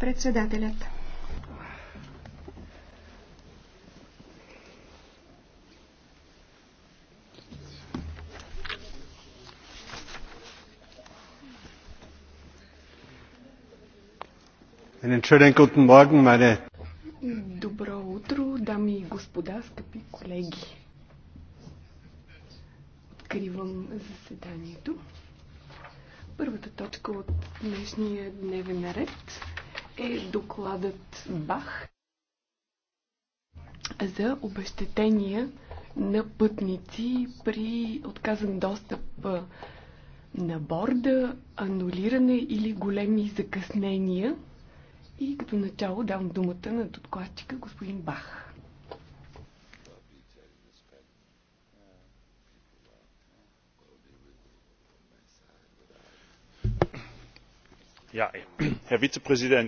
Председателят. Добро утро, дами и господа, скъпи колеги. Откривам заседанието. Днешния дневен наред е докладът Бах за обещетения на пътници при отказан достъп на борда, анулиране или големи закъснения. И като начало давам думата на докладчика господин Бах. herr vizepräsident!